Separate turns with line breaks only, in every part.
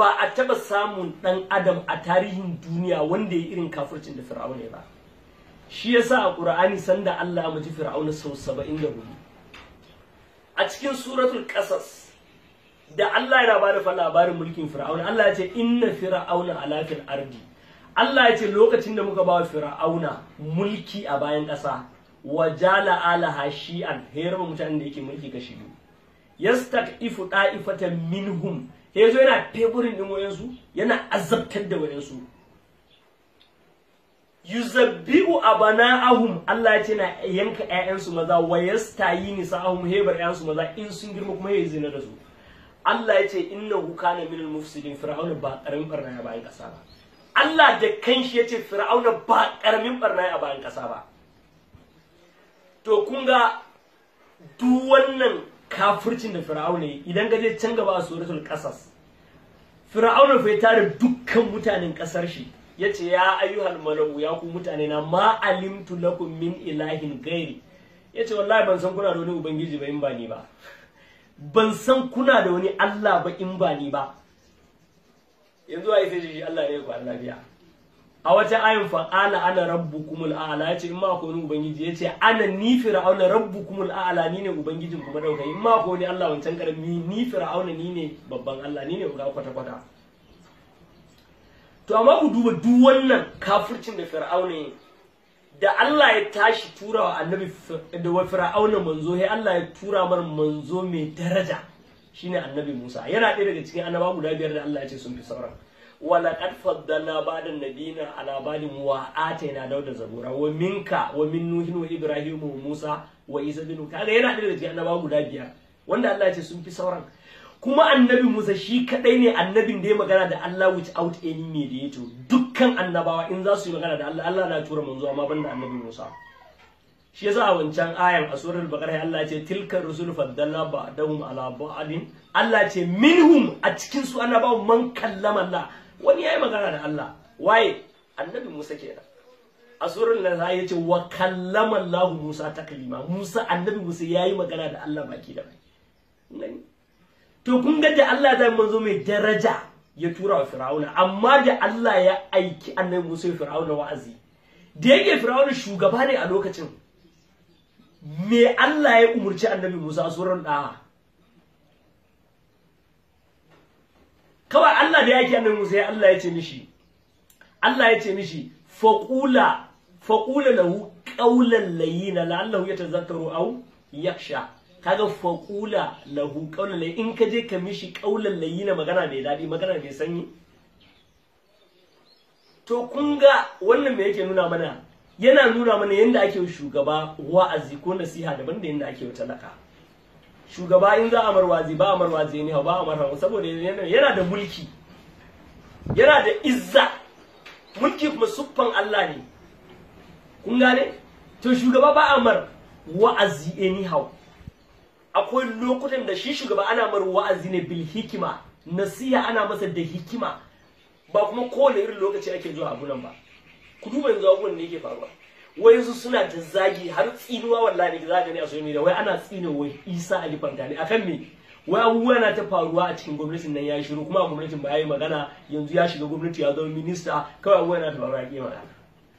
ba a taba samun dan adam a tarihin duniya wanda ya irin kafircin da fir'auna ba shi yasa a qur'ani sanda Allah ya muji fir'auna sau 74 a cikin suratul qasas da Allah yana bada fa labarin mulkin fir'auna Allah ya ce inna fir'auna ala fil ardi Allah ya ce lokacin da muka ba fir'auna mulki a bayan ƙasa jala alaha shi'an hayar mutanen da yake mulki kashi biyu yastaqifu da'ifatan minhum ya zo yana favorin ɗin wayansu yana azabtar da wayansu yuzabbi'u abana'ahum Allah ya ce na yanka ƴaƴansu maza wa yastayi nisa'ahum hebar ƴaƴansu maza in sun girma kuma ya zina da su Allah ya ce innahu kana minal mufsidin fir'auna ba karamin barna ya bayan kasa ba Allah da kanshi ya ce fir'auna ba karamin barna ya bayan kasa ba to kun ga duk wannan kafircin da fir'auna yi idan ka je can gaba a suratul qasas fir'auna fa ya tare dukkan mutanen kasar shi yace ya ayyuhal malaku ya ku mutane na ma alimtu lakum min ilahin gairi yace wallahi ban san kuna da wani ubangiji ba in ba ni ba ban san kuna da wani Allah ba in ba ni ba yanzu ai sai shi Allah ne ku Allah biya a wata ayin fa ana ana a'ala ya yace in ma ko ni ubangiji yace ana ni fir'auna kumul a'ala ni ne ubangijin kuma dauka in ma ko ni Allah wancan karami ni fir'auna ni ne babban Allah ni ne uga kwata kwata to amma ku duba duk wannan kafircin da fir'auna yi da Allah ya tashi tura wa annabi da wa fir'auna manzo he Allah ya tura mar manzo mai daraja shine annabi Musa yana ɗaya daga cikin annaba guda biyar da Allah ya ce sun fi sauran ولقد فضلنا بعد النبيين على wa min داود زبورا ibrahim ومن Musa wa Isa bin بن كذا yana da daga annabawa guda biyar wanda Allah ya ce sun fi sauran kuma annabi Musa shi kadai ne annabin da ya magana da Allah without any mediator dukkan annabawa in za su yi magana da Allah Allah na tura manzo amma banda annabi Musa shi yasa a wancan ayan a surar bakara Allah ce tilka rusul faddalla ba'dahum ala ba'din Allah ce minhum a cikin su annabawa man kallama Allah wani ya yi magana da Allah waye annabi Musa kenan a surun nan za ya ce wa kallama Allah Musa ta Kalima Musa annabi Musa ya yi magana da Allah baki da baki to kun ga da Allah zai manzo mai daraja ya tura wa Fir'auna amma da Allah ya aiki annabi Musa ya Fir'auna wa'azi da yake Fir'auna shugaba ne a lokacin me Allah ya umurci annabi Musa a surun da kawai Allah da yake annabi sai Allah ya ce mishi Allah ya ce mishi faqula faqula lahu qawlan layyina la'allahu yatazakkaru aw yakhsha kaga faqula lahu qawlan layyina in ka je ka mishi qawlan layyina magana mai dadi magana mai sanyi to kun ga wannan me yake nuna mana yana nuna mana yadda ake shugaba wa'azi ko nasiha daban da yadda ake talaka shugaba in za a marwazi ba a marwazi ne ba a marhamu saboda yana da mulki yana da izza mulki kuma suffan Allah ne kun gane to shugaba ba a mar wa'azi eh, anyhow akwai lokutan da shi shugaba ana mar wa'azi ne bil hikima nasiha ana masa da hikima ba kuma kowane irin lokaci ake zuwa abunan ba ku duba yanzu abubuwan ne yake faruwa wai su suna da zagi har tsinuwa wallahi da zaga ne a social media wai ana tsine wai Isa Ali Fantani akan me wai abubuwa na ta faruwa a cikin gwamnatin nan ya shiru kuma gwamnatin ba ya yi magana yanzu ya shiga gwamnati ya zama minista kawai abubuwa na ta faruwa ya magana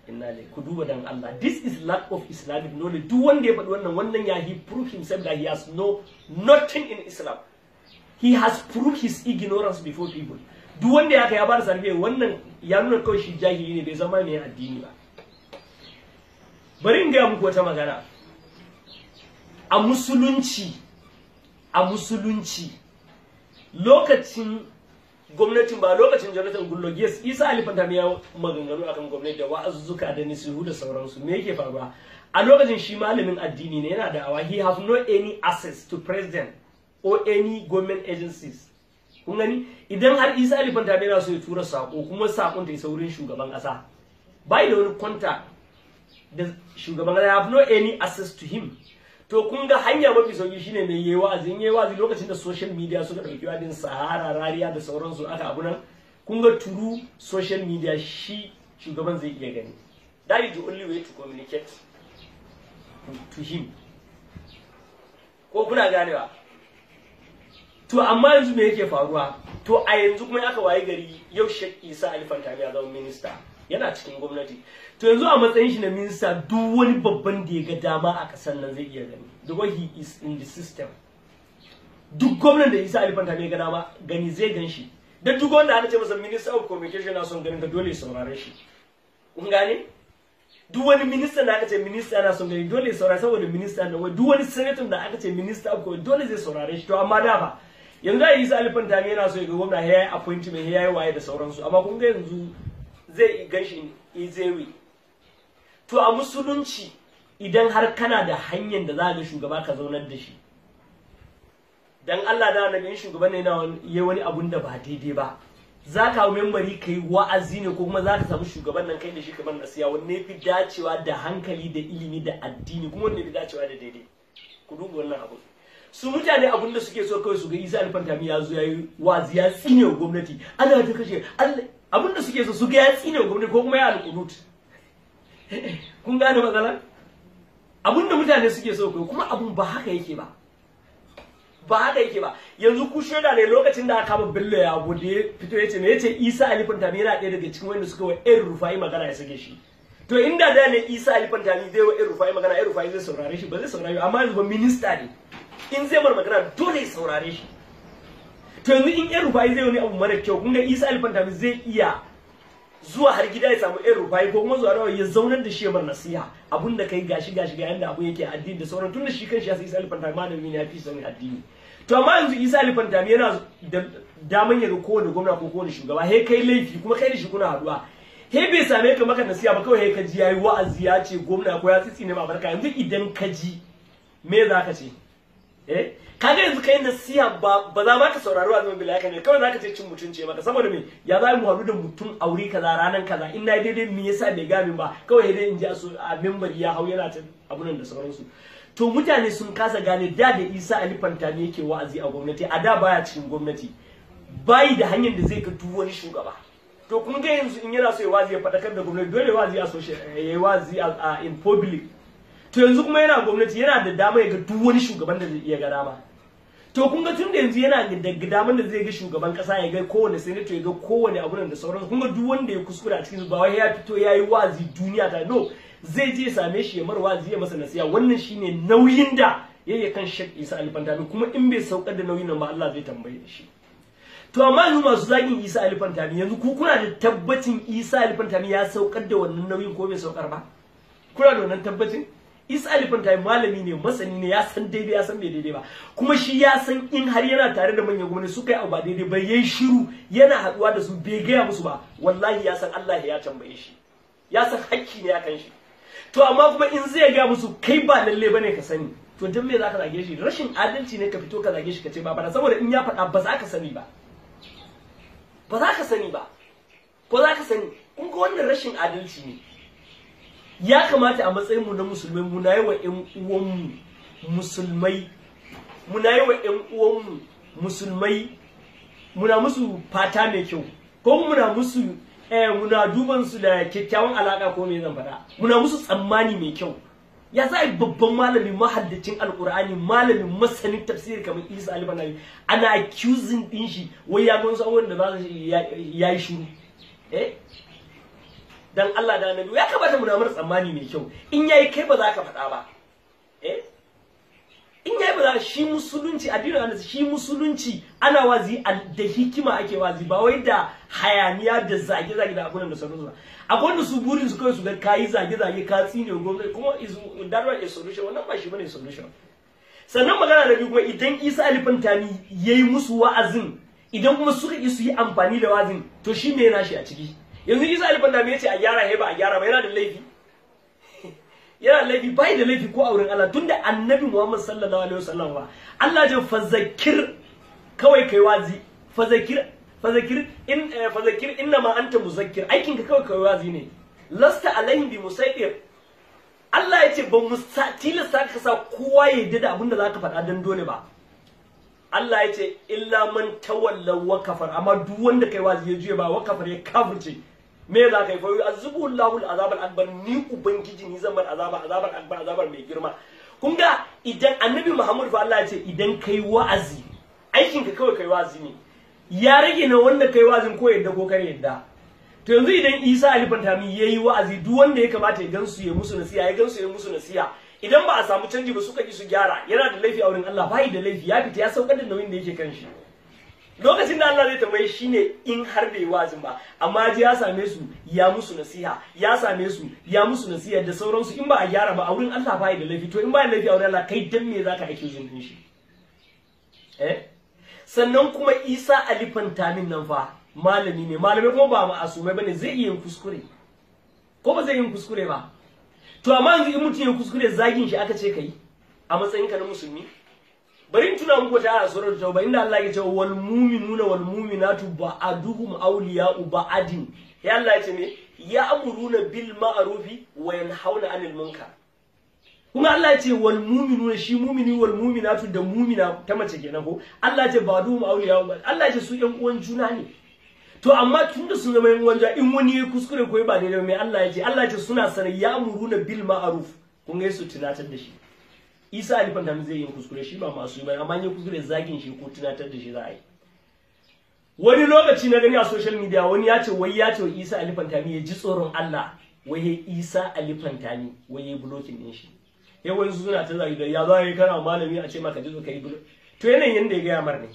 inna lillahi ku duba dan Allah this is lack of islamic knowledge duk wanda ya faɗi wannan wannan ya he proof himself that he has no nothing in islam he has proved his ignorance before people duk wanda ya ka ya bada sarfe wannan ya nuna kawai shi jahili ne bai zama mai addini ba bari in gaya muku wata magana a musulunci a musulunci lokacin gwamnatin ba lokacin jonathan gullogiyas yes isa alifanta ya maganganu akan gwamnati da wa'azuzzuka da nisihu da sauransu me yake faruwa a lokacin shi malamin addini ne yana da'awa he have no any access to president or any government agencies kun gani idan har isa alifanta yana so ya tura sako kuma sakon ta yi saurin shugaban ƙasa, bai da wani kwanta. da shugaban kasa have no any access to him to kun ga hanya mafi sauki shine mai yayi wa'azi in yayi wa'azi lokacin da social media suka dauki wadin sahara rariya da sauransu aka abu nan kun ga turu social media shi shugaban zai iya gani that is the only way to communicate to him ko kuna ganewa to amma yanzu me yake faruwa to a yanzu kuma aka waye gari yau Sheikh Isa Alfantami ya zama minista yana cikin gwamnati to yanzu a matsayin shi na minista duk wani babban da ya ga dama a ƙasar nan zai iya gani the way he is in the system duk gwamnan da isa alifan ta ga dama gani zai gan shi da duk wanda ana ce masa minister of communication na son ganin ka dole saurare shi kun gane duk wani minista da aka ce minista na son gani dole saurare saboda minista na duk wani senator da aka ce minista of dole zai saurare shi to amma da ba yanzu a isa alifan ta yana so ya ga gwamna ya yi appointment ya yi waye da sauransu amma kun ga yanzu zai gan shi easy to a musulunci idan har kana da hanyar da za ga shugaba ka zaunar da shi dan Allah da annabi in shugaba ne na yi wani abun da ba daidai ba za ka hau membari ka yi wa'azi ne ko kuma za ka samu shugaban nan kai da shi kamar nasiya wanne fi dacewa da hankali da ilimi da addini kuma wanne fi dacewa da daidai ku duba wannan abu su mutane abun da suke so kawai su ga isa alfantami ya zo ya yi wa'azi ya tsine gwamnati ana ta kashe abun da suke so su ga ya tsine gwamnati ko kuma ya alƙunut kun gane matsala abun da mutane suke so kai kuma abun ba haka yake ba ba haka yake ba yanzu ku shaida ne lokacin da aka kama bello ya gode fito ya ce me yace isa ali fantami yana ɗaya daga cikin wanda suka wa ɗan rufai magana ya sake shi to inda da ne isa ali fantami zai wa ɗan rufai magana ɗan rufai zai saurare shi ba zai saurare amma yanzu ba minista ne in zai bar magana dole ya saurare shi to yanzu in ɗan rufai zai wani abu mara kyau kun ga isa ali fantami zai iya zuwa har gida ya samu irin rufayi ko kuma zuwa rawar ya zaunar da shi ya bar nasiha abunda da kai gashi gashi ga yanda abu yake addini da sauran tun da shi kanshi ya san Isa Alfantami da mini ya fi sanin addini to amma yanzu Isa alifan ta yana da daman ya ga kowane gwamna ko kowane shugaba he kai laifi kuma kai da shi kuna haduwa he bai same ka maka nasiha ba kawai he ka ji yayi wa'azi ya ce gwamna ko ya tsitsi ne ma barka yanzu idan ka ji me za ka ce eh kaga yanzu kai nasiha ba ba za ma ka saurari azumin bila kan kawai za ka ce cin mutunci maka saboda me ya za mu haɗu da mutum aure kaza ranar kaza in na daidai me yasa bai ga min ba kawai dai in ji a membar ya hau yana ta abunan da sauransu to mutane sun kasa gane da da Isa Ali Fantani yake wa'azi a gwamnati a da baya cikin gwamnati bayi da hanyar da zai ka duk wani shugaba to kun ga yanzu in yana so ya wazi ya faɗakar da gwamnati dole wazi a social eh, ya wazi in public to yanzu kuma yana gwamnati yana da dama ya ga duk wani shugaban da zai iya ga dama to kun ga tun da yanzu yana da damar da zai ga shugaban kasa ya ga kowane senator ya ga kowane abu da sauransu kun ga duk wanda ya kuskura a cikin ba wai ya fito ya yi wazi duniya ta no zai je same shi ya mara zai ya masa nasiya wannan shine nauyin da yake kan Sheikh Isa Alfantabi kuma in bai saukar da nauyin nan ba Allah zai tambaye shi to amma yanzu masu zagin Isa Alfantabi yanzu ku kuna da tabbacin Isa Alfantabi ya saukar da wannan nauyin ko bai saukar ba kuna da wannan tabbacin isa alifin tayi malami ne masani ne ya san daidai ya san bai daidai ba kuma shi ya san in har yana tare da manyan gwamnati suka yi abu ba daidai ba yayi shiru yana haduwa da su bai gaya musu ba wallahi ya san Allah ya tambaye shi ya san hakki ne akan shi to amma kuma in zai ga musu kai ba lalle bane ka sani to dan me zaka zage shi rashin adalci ne ka fito ka zage shi ka ce ba bana saboda in ya faɗa ba za ka sani ba ba za ka sani ba ko za ka sani kun ga wannan rashin adalci ne ya kamata a matsayin mu na musulmai mu na yi wa ƴan uwanmu musulmai mu na yi wa ƴan uwanmu musulmai muna musu fata mai kyau ko muna musu eh muna duban su da kyakkyawan alaka ko me zan faɗa muna musu tsammani mai kyau ya sa babban malami mahaddacin alkur'ani malamin masanin tafsir kamar isa al-Banawi ana accusing din shi wai ya gamsu wanda da za ya yi eh dan Allah da annabi ya kamata mu namar tsammani mai kyau in yayi kai ba za ka faɗa ba eh in yayi ba za shi musulunci addinin Allah shi musulunci ana wazi da hikima ake wazi ba wai da hayaniya da zage zage da abun da sanu ba akwai wanda su burin su kai su ga kai zage zage ka tsine gobe kuma is that right a solution wannan ba shi bane solution sannan magana da biyu kuma idan Isa Alfantani yayi musu wa'azin idan kuma suka yi su yi amfani da wazin to shi ne yana shi a ciki yanzu isa alifan ya ce a gyara ya ba a gyara ba yana da laifi yana da laifi bai da laifi ko a wurin Allah tunda annabi Muhammad sallallahu alaihi wasallam ba Allah ya fazakir kawai kai wazi fazakir fazakir in eh, fazakir inna ma anta muzakkir aikin ka kawai kai wazi ne lasta alaihim bi musaidir Allah ya ce ba musa tilasta ka sa kowa ya yarda da da zaka faɗa dan dole ba Allah ya ce illa man tawalla wa kafar amma duk wanda kai wazi ya juye ba wa kafar ya kafirce me za ka yi fayu azubu Allahul azabar akbar ni ubangiji ni zan bar azabar azabar akbar azabar mai girma kun ga idan annabi Muhammad fa Allah ya ce idan kai wa'azi aikin ka kawai kai wa'azi ne ya rage na wanda kai wa'azi ko yadda ko kare yadda to yanzu idan Isa alifantami yi wa'azi duk wanda ya kamata ya gansu ya musu nasiha ya gansu ya musu nasiya. idan ba a samu canji ba suka ki su gyara yana da laifi a wurin Allah bai da laifi ya fita ya saukar da nauyin da yake kan shi lokacin da Allah zai tambaye shi ne in har bai wazin ba amma ji ya same su ya musu nasiha ya same su ya musu nasiha da sauransu in ba a gyara ba a wurin Allah ba da laifi to in ba ya laifi a wurin Allah kai dan me zaka ake zunubin shi eh sannan kuma Isa fanta min nan fa malami ne malami kuma ba asume bane zai iya kuskure ko ba zai yi kuskure ba to amma yanzu in mutum ya kuskure zagin shi aka ce kai a matsayin ka na musulmi bari in tuna muku ta a surar tauba inda Allah ya ce wal mu'minuna wal mu'minatu ba'aduhum awliya'u ba'adin ya Allah ya ce ne ya ya'muruna bil ma'rufi wa yanhauna 'anil munkar kuma Allah ya ce wal mu'minuna shi mu'mini wal mu'minatu da mu'mina ta mace kenan ko Allah ya ce ba'aduhum awliya'u ba'ad Allah ya ce su ƴan uwan juna ne to amma tun da sun zama ƴan uwan juna in wani ya kuskure ko ba daidai mai Allah ya ce Allah ya ce suna sanar ya ya'muruna bil ma'ruf kun ga su tunatar da shi isa alifan tamis zai yi kuskure shi ba masu yi amma yin kuskure zagin shi ko tunatar da shi za a yi wani lokaci na gani a social media wani ya ce wai ya ce isa alifan tami ya ji tsoron allah wai ya isa alifan tami wai ya blocking din shi ya wani suna ta zagi da ya za yi kana malami a ce maka ji ka yi to yanayin yadda ya gaya mar ne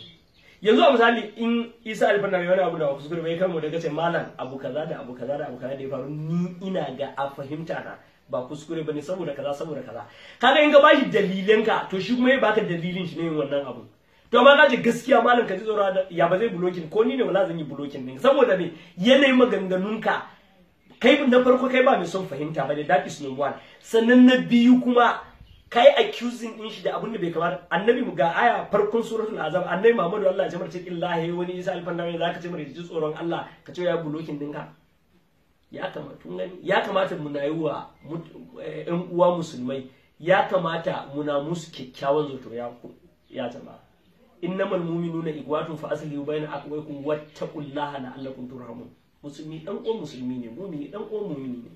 yanzu a misali in isa alifan tami wani abu da kuskure bai kama daga ce malam abu kaza da abu kaza da abu kaza da ya faru ni ina ga a fahimta na ba kuskure bane saboda kaza saboda kaza kaga in ga bashi dalilan ka to shi kuma ya baka dalilin shi ne wannan abu to amma kaji gaskiya malam ka ji tsoro ya ba zai blocking ko ni ne wala zan yi blocking din saboda me yanayin maganganun ka kai na farko kai ba mai son fahimta ba that is number one sannan na biyu kuma kai accusing din shi da abin da bai kamata annabi mu ga aya farkon suratul azab annabi Muhammadu Allah ya jamar ce illahi wani isa alfanna zaka ce mare ji tsoron Allah ka ce ya blocking din ka ya kamata ya kamata wa yan eh, uwa musulmai ya kamata muna musu kyakkyawan zato ya ya jama'a innamal mu'minuna igwatun fa aslihu bayna na Allah la'allakum turhamun musulmi dan uwan musulmi ne mu'mini dan uwan mu'mini ne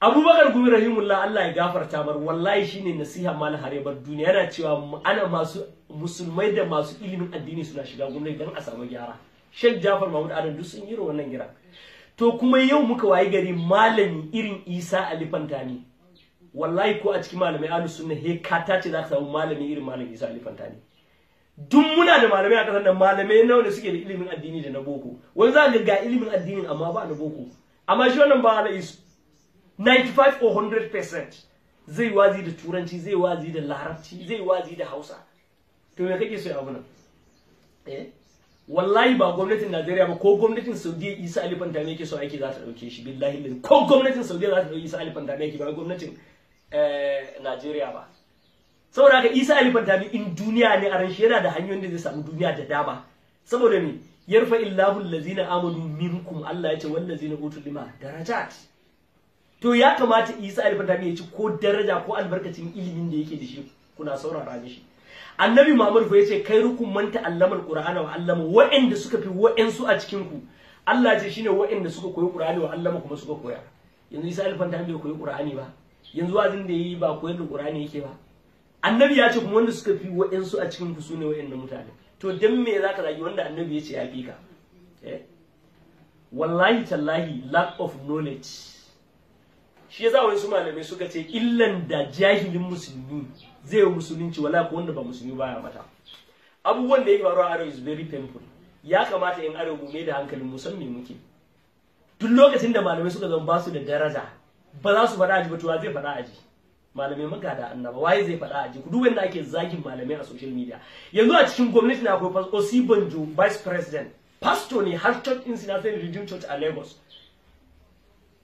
abubakar gumi rahimullah Allah ya gafarta mar wallahi shine nasiha mal harebar duniya yana cewa ana masu musulmai da masu ilimin addini suna shiga gwamnati dan a samu gyara shek jafar mahmud adam duk sun yi wannan gira to kuma yau muka wayi gari malami irin isa ne, wallahi ko a cikin malamai alu sunna he kata ce za ka samu malami irin malami isa ne duk muna da malamai a kasar nan malamai nawa ne suke da ilimin addini da na boko wani za ga ga ilimin addini amma ba na boko amma shi wannan ba ala isu 95 or 100% zai wazi da turanci zai wazi da larabci zai wazi da hausa to me kake so abu nan eh wallahi ba gwamnatin Najeriya ba ko gwamnatin Saudiya Isa Ali Fantami yake so aiki za ta dauke shi billahi lillahi ko gwamnatin Saudiya za ta dauke Isa Ali Fantami yake ba gwamnatin eh, Najeriya ba saboda ka Isa Ali Fantami in duniya ne a ranshi yana da hanyoyin da zai samu duniya da dama saboda me yarfa illahu allazina amanu minkum Allah ya ce wallazina utul lima darajat to ya kamata Isa Ali Fantami ya ci ko daraja ko albarkacin ilimin da yake da shi kuna saurara shi annabi Muhammad fa yace kai rukun manta allamar qur'ana wa allama wa'anda suka fi wa'ansu a cikin ku Allah ce shine wa'anda suka koyi qur'ani wa allama kuma suka koya yanzu Isa alfanta bai koyi qur'ani ba yanzu wazin da yi ba koyar da qur'ani yake ba annabi ya ce kuma wanda suka fi wa'ansu a cikin ku sune wa'annan mutane to dan me zaka zagi wanda annabi ya ce ya fi ka eh? wallahi tallahi lack of knowledge shi yasa wani su malamai suka ce illan da jahilin musulmi zai yi musulunci wala ko wanda ba musulmi ba ya mata abubuwan da ya faru a arewa is very painful ya kamata yin arewa mu da hankalin musamman muke duk lokacin da malamai suka zama basu da daraja ba za su faɗa aji ba to zai faɗa aji malamai da annaba waye zai faɗa aji ku duk wanda ake zagin malamai a social media yanzu a cikin gwamnati na akwai Osi Banjo vice president pastor ne har church in Sinafin Redeemed Church a Lagos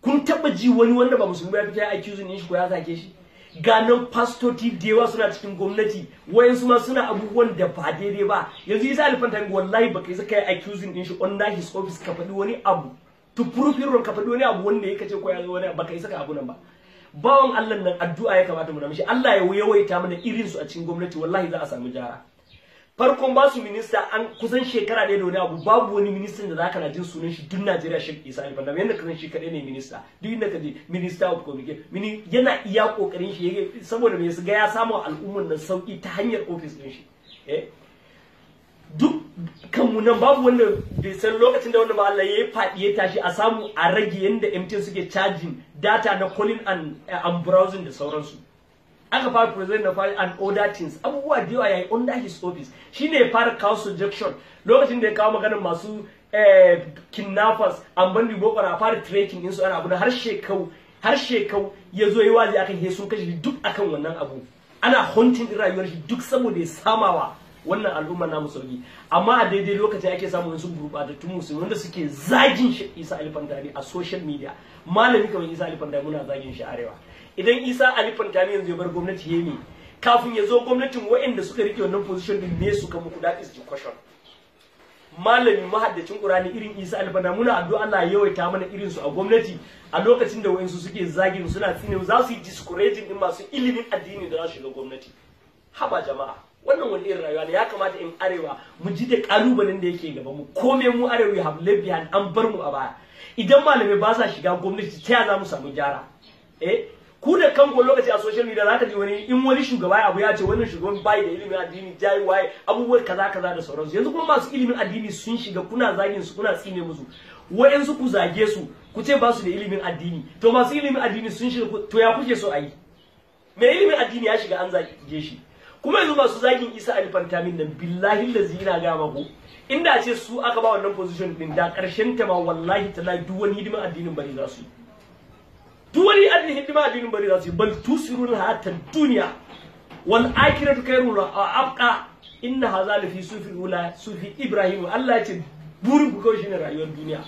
kun taba ji wani wanda ba musulmi ba ya fita ya accusing shi ko ya zage shi ga nan da yawa suna cikin gwamnati wayansu ma suna abubuwan da ba daidai ba yanzu isa alifan ta wallahi baka yi zaka yi accusing din shi under his office ka faɗi wani abu to prove your ka faɗi wani abu wanda ya kace ko ya zo wani baka yi saka abu nan ba bawan Allah nan addu'a ya kamata mu da mishi Allah ya yawaita mana irin su a cikin gwamnati wallahi za a samu jara farkon ba su minista an kusan shekara ɗaya da wani abu babu wani ministan da zaka na jin sunan shi duk Najeriya shi Isa Ali Fandam yanda kusan shi kadai ne minista duk inda je minister of communication mini yana iya kokarin shi yake saboda me su ga ya samu al'ummar nan sauki ta hanyar office din shi eh? duk kanmu nan babu wanda bai san lokacin da wanda ba Allah ya faɗi ya tashi a samu a rage yadda MTN suke cajin data na calling and, eh, and browsing da sauransu aka fara president na fari and order things abubuwa da yawa yayi under his office shine ya fara kawo suggestion lokacin da ya kawo maganar masu eh, kidnappers an bandi boko a fara tracking din su ana abu har shekau har shekau ya zo yi wazi akan he sun kashe duk akan wannan abu ana hunting din rayuwar shi duk saboda ya samawa wannan al'umma namu sauki amma a daidai lokacin ake samun wasu gurɓatattun musulmi wanda suke zagin shi isa alifantari a social media malami kamar isa alifantari muna zagin shi arewa idan isa Ali tani yanzu ya bar gwamnati ya ne kafin ya zo gwamnatin waɗanda suka rike wannan position din ne su ka kuda is the question malamin mahaddacin qur'ani irin isa Ali alifan muna addu'a Allah ya yawaita mana irin su a gwamnati a lokacin da wayansu suke zagin suna tsine za su yi discouraging din masu ilimin addini da za su shiga gwamnati haba jama'a wannan wani irin rayuwa ne ya kamata in arewa mu ji da kalubalen da yake gaba mu kome mu arewa have left behind an bar mu a baya idan malamai ba sa shiga gwamnati ta ya za mu samu gyara eh ku da kanku lokaci a social media zaka ji wani in wani shugaba abu ya ce wannan shugaban bai da ilimin addini jayi waye abubuwan kaza kaza da sauransu yanzu kuma masu ilimin addini sun shiga kuna zagin su kuna tsine musu wayansu ku zage su ku ce ba su da ilimin addini to masu ilimin addini sun shiga to ya kuke so a yi mai ilimin addini ya shiga an zage shi kuma yanzu masu zagin isa alifantamin nan billahi lazi ina ga mako inda ce su aka ba wannan position din da karshen ta ma wallahi ta duk wani hidimin addinin bari za su yi duk wani addini hidima addinin bari za su yi bal tusirun hata duniya wal akiratu khairun wa abqa inna hadha la sufi wula sufi ibrahim Allah ya ce burin ku kawai shine rayuwar duniya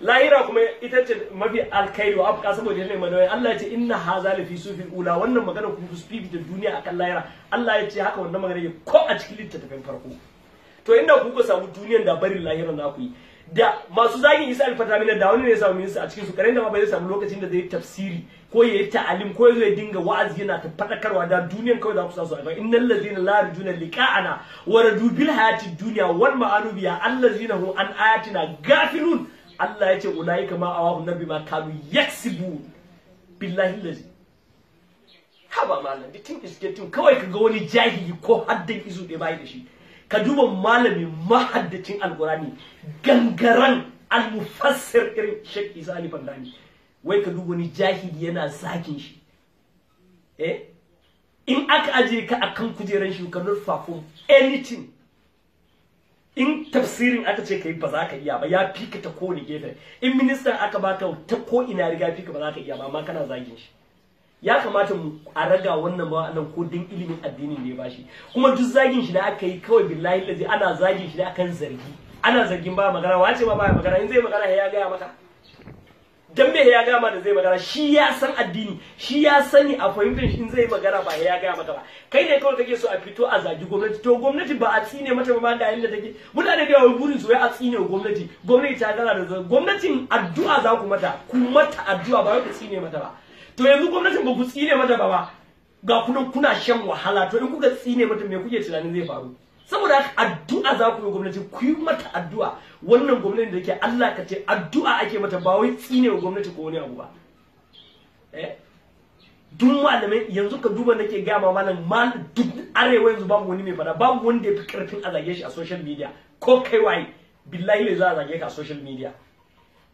lahira kuma ita ce mafi alkhairi wa saboda yana mana Allah ya ce inna hadha la sufi wula wannan magana ku ku sufi da duniya kan lahira Allah ya ce haka wannan magana ko a cikin littafin farko to inda ku ka samu duniyar da barin lahira na ku yi da masu zagin isa alfataminar da wani ne ya samu minista a cikin su karen da ma bai samu lokacin da zai tafsiri ko ya yi ta'alim ko ya ya dinga wa'azi yana ta fadakarwa da duniyan kawai za ku sasu alfa innal ladzina la yarjuna liqa'ana wa radu bil hayati dunya wal ma'anu biya allazina hum an ayatina gafilun Allah ya ce ulaika ma awahu nabi ma kanu yaksibu billahi allazi haba malam the thing is getting kawai kaga wani jahili ko haddin izu da bai da shi ka duba malamin mahaddacin alkurani gangaran almufassir irin shek isa ali bandani wai ka duba wani jahili yana zakin shi eh in aka ajiye ka akan kujeran shi ka not anything in tafsirin aka ce kai ba za ka iya ba ya fika ta kowane gefe in ministan aka baka ta ko ina riga fika ba za ka iya ba amma kana zagin shi ya kamata mu a raga wannan ba wannan ko din ilimin addinin da ya bashi kuma duk zagin shi da aka yi kawai billahi lazi ana zagin shi da akan zargi ana zargin ba magana wace ba ba magana in zai magana ya gaya maka dan me ya gama da zai magana shi ya san addini shi ya sani a fahimtar shi zai magana ba ya gaya maka ba kai ne kawai kake so a fito a zagi gwamnati to gwamnati ba a tsine mata ba ga yanda take mutane da yawa burin su ya a tsine gwamnati gwamnati ta gara da gwamnatin addu'a za ku mata ku mata addu'a ba ku tsine mata ba to yanzu gwamnatin ba ku tsine mata ba ba ga kuna kuna shan wahala to in kuka tsine mata me kuke tunanin zai faru saboda addu'a za ku yi gwamnati ku yi mata addu'a wannan gwamnati da ke Allah ka ce addu'a ake mata ba wai tsine wa gwamnati ko wani abu ba eh duk malamai yanzu ka duba nake ga ma malam mal duk arewa yanzu babu wani mai fada babu wanda ya fi karfin a zage shi a social media ko kai waye billahi ne za a zage ka a social media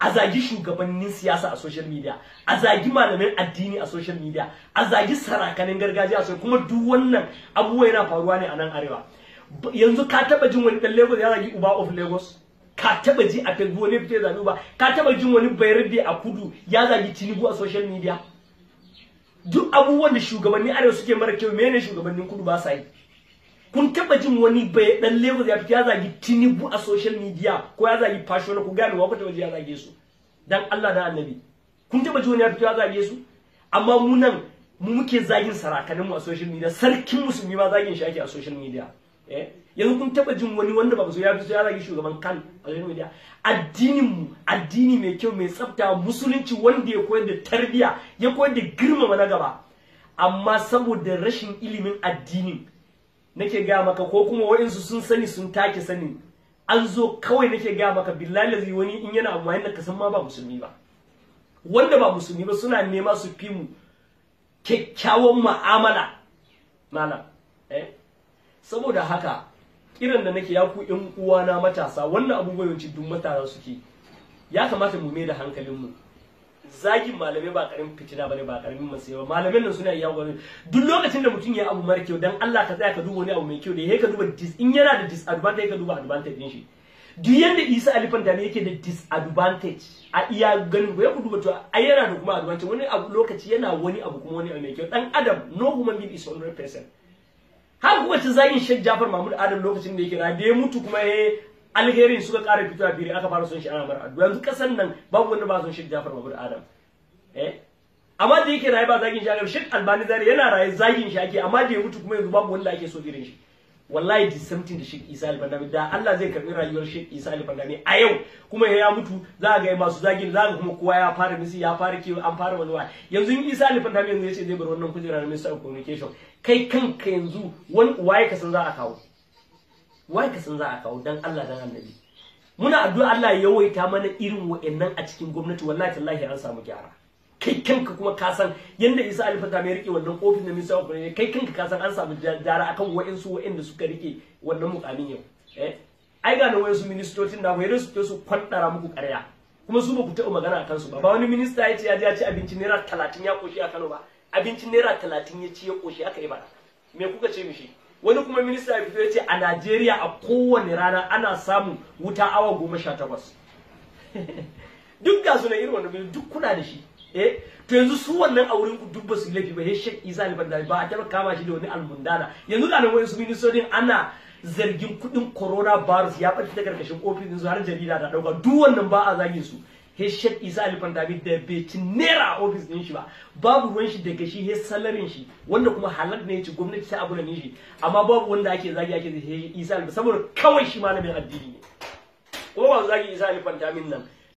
a zagi shugabannin siyasa a social media a zagi malamin addini a social media a zagi sarakanin gargajiya a kuma duk wannan abubuwa yana faruwa ne a nan arewa yanzu ka taba jin wani dan Lagos ya zagi Uba of Lagos ka taba ji a Facebook wani fito ya zagi Uba ka taba jin wani Bayarbe a Kudu ya zagi Tinubu a social media duk abubuwan da shugabannin arewa suke mara kyau menene shugabannin kudu ba sa yi kun taba jin wani bai dan Lagos ya fita ya zagi Tinubu a social media ko ya zagi Fashola ku gane wa ku waje ya zage su dan Allah da Annabi kun taba jin wani ya fita ya zage su amma mu nan mu muke zagin sarakanin mu a social media sarkin musulmi ba zagin shi ake a social media eh yanzu kun taba jin wani wanda ba ya fita ya zagi shugaban kan a social media addinin mu addini mai kyau mai tsafta musulunci wanda ya koyar da tarbiya ya koyar da girmama na gaba amma saboda rashin ilimin addinin nake ga maka ko kuma wa'insu sun sani sun take sani an zo kawai nake ga maka billahi lazi wani in yana amma yana kasan ma ba musulmi ba wanda ba musulmi ba suna nema su fi mu kyakkyawan mu'amala malam eh saboda haka irin da nake ya ku uwana matasa wannan abubuwan yawanci duk matasa suke ya kamata mu mai da hankalin mu zagin malamai ba karamin fitina bane ba karamin masai ba malamin nan suna yawo gwani duk lokacin da mutum ya abu mara kyau dan Allah ka tsaya ka duba wani abu mai kyau da yake ka duba dis in yana da disadvantage ka duba advantage din shi duk yanda Isa Alifan da yake da disadvantage a iya ganin ko ya duba to ai yana da kuma advantage wani abu lokaci yana wani abu kuma wani abu mai kyau dan adam no human being is 100% har kuma ci zagin Sheikh Jafar Mahmud Adam lokacin da yake da ya mutu kuma ya alherin suka kare fitowa biri aka fara son shi ana mara yanzu kasan nan babu wanda ba son shi Jafar Mahmud Adam eh amma da yake rayuwa ba zagin shi aka Sheikh Albani Zari yana rayuwa zagin shi ake amma da ya mutu kuma yanzu babu wanda ake so irin shi wallahi the same thing da shi Isa albani da Allah zai karbi rayuwar shi Isa albani a yau kuma ya mutu za ga masu zagin za ga kuma kowa ya fara misi ya fara kewa an fara wani yanzu Isa albani yanzu yanzu ce zai bar wannan kujera na Minister of Communication kai kanka yanzu wani uwaye ka san za a kawo wai ka san za a kawo dan Allah dan annabi muna addu'a Allah ya yawaita mana irin wa'annan a cikin gwamnati wallahi tallahi an samu gyara kai kanka kuma ka san yanda Isa Ali Fata mai rike wannan ofin da Mr. Okure kai kanka ka san an samu gyara akan wa'ansu wa'anda suka rike wannan mukamin yau eh ai ga na wayansu ministocin da wai su su kwantara muku ƙarya kuma su ba ku taɓa magana a kansu ba ba wani minista ya ce ya je ya ci abinci naira talatin ya koshi a Kano ba abincin naira talatin ya ci ya koshi aka yi ba me kuka ce mishi wani kuma minista ya fito ya ce a Najeriya a kowane rana ana samun wuta awa goma sha takwas duk ga suna irin bin duk kuna da shi eh, to yanzu su wannan a wurin duk ba su laifi ba ya shek isa liban da ba a taɓa kama shi da wani almundana yanzu da nan wayansu ministocin ana zargin kuɗin corona virus ya ɓata ta karkashin ofis su har jarida ta ɗauka duk wannan ba a zagin su he shek isa alifan david da bai ci naira a ofis din shi ba babu ruwan shi daga shi he salarin shi wanda kuma halar ne ci gwamnati ta abu ne shi amma babu wanda ake zagi ake zai isa alifan saboda kawai shi malamin addini ne ko ba zagi isa alifan david nan